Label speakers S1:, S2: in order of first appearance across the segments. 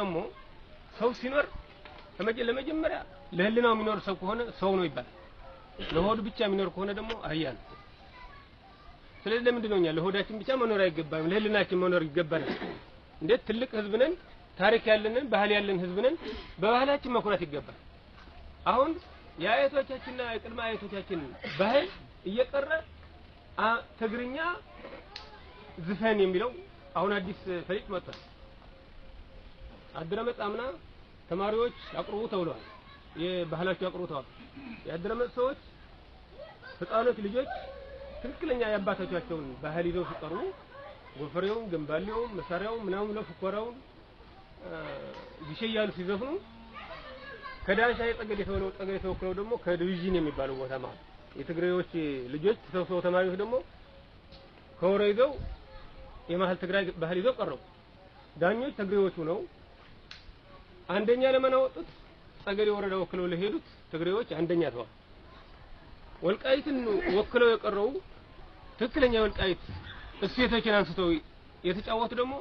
S1: ደግሞ ሰው ሲኖር ለመጀመሪያ ለህልናው የሚኖር ሰው ከሆነ ሰው ነው ይባላል። ለሆዱ ብቻ የሚኖር ከሆነ ደግሞ አህያ ነው። ስለዚህ ለምንድን ነው እኛ ለሆዳችን ብቻ መኖር አይገባም፣ ለህልናችን መኖር ይገባናል። እንዴት ትልቅ ህዝብ ነን፣ ታሪክ ያለንን ባህል ያለን ህዝብ ነን። በባህላችን መኩራት ይገባል። አሁን የአያቶቻችንና የቅድመ አያቶቻችን ባህል እየቀረ ትግርኛ ዝፈን የሚለው አሁን አዲስ ፈሊጥ መጥቷል። አድረመጽ አምና ተማሪዎች አቅርቡ ተብለዋል። የባህላቸው አቅርቡ ተዋል። የአድረመጽ ሰዎች ህፃኖች ልጆች ትክክለኛ የአባቶቻቸውን ባህል ይዘው ሲቀርቡ ጎፈሬውም፣ ገንባሌውም፣ መሳሪያውም ምናምን ብለው ፍኮራውን ጊሼ እያሉ ሲዘፍኑ ከዳንሻ የጠገዴ ተብለው ጠገዴ ተወክለው ደግሞ ከዲቪዥን የሚባለው ቦታ ማለት የትግራዮች ልጆች ተሰብስበው ተማሪዎች ደግሞ ከወረ ይዘው የማህል ትግራይ ባህል ይዘው ቀረቡ። ዳኞች ትግሬዎቹ ነው አንደኛ ለመና አወጡት? ጸገዴ ወረዳ ወክለው ለሄዱት ትግሬዎች አንደኛ ተዋል። ወልቃይትን ወክለው የቀረቡ ትክክለኛ ወልቃይት እሴቶችን አንስተው የተጫወቱ ደግሞ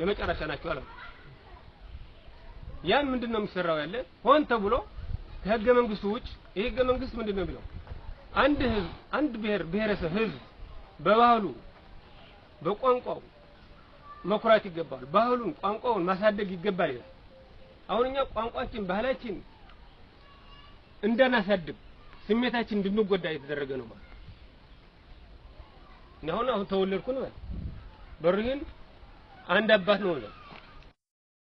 S1: የመጨረሻ ናቸው አለ። ያን ምንድን ነው የሚሰራው? ያለ ሆን ተብሎ ከህገ መንግስቱ ውጭ ይህ ህገ መንግስት ምንድን ነው የሚለው? አንድ ህዝብ አንድ ብሔር ብሔረሰብ ህዝብ በባህሉ በቋንቋው መኩራት ይገባል። ባህሉን ቋንቋውን ማሳደግ ይገባል ይላል። አሁን እኛ ቋንቋችን፣ ባህላችን እንዳናሳድግ ስሜታችን እንድንጎዳ እየተደረገ ነው ማለት ነው። አሁን አሁን ተወለድኩ ነው በርህን አንድ አባት ነው ነው